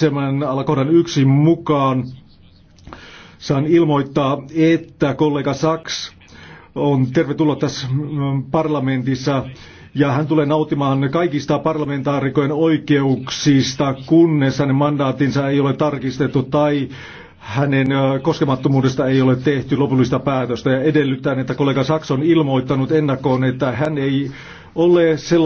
7 alakohdan 1 mukaan saan ilmoittaa, että kollega Saks on tervetullut tässä mm, parlamentissa ja hän tulee nautimaan kaikista parlamentaarikojen oikeuksista, kunnes hänen mandaatinsa ei ole tarkistettu tai hänen koskemattomuudesta ei ole tehty lopullista päätöstä ja edellyttää, että kollega Saks on ilmoittanut ennakkoon, että hän ei ole sellainen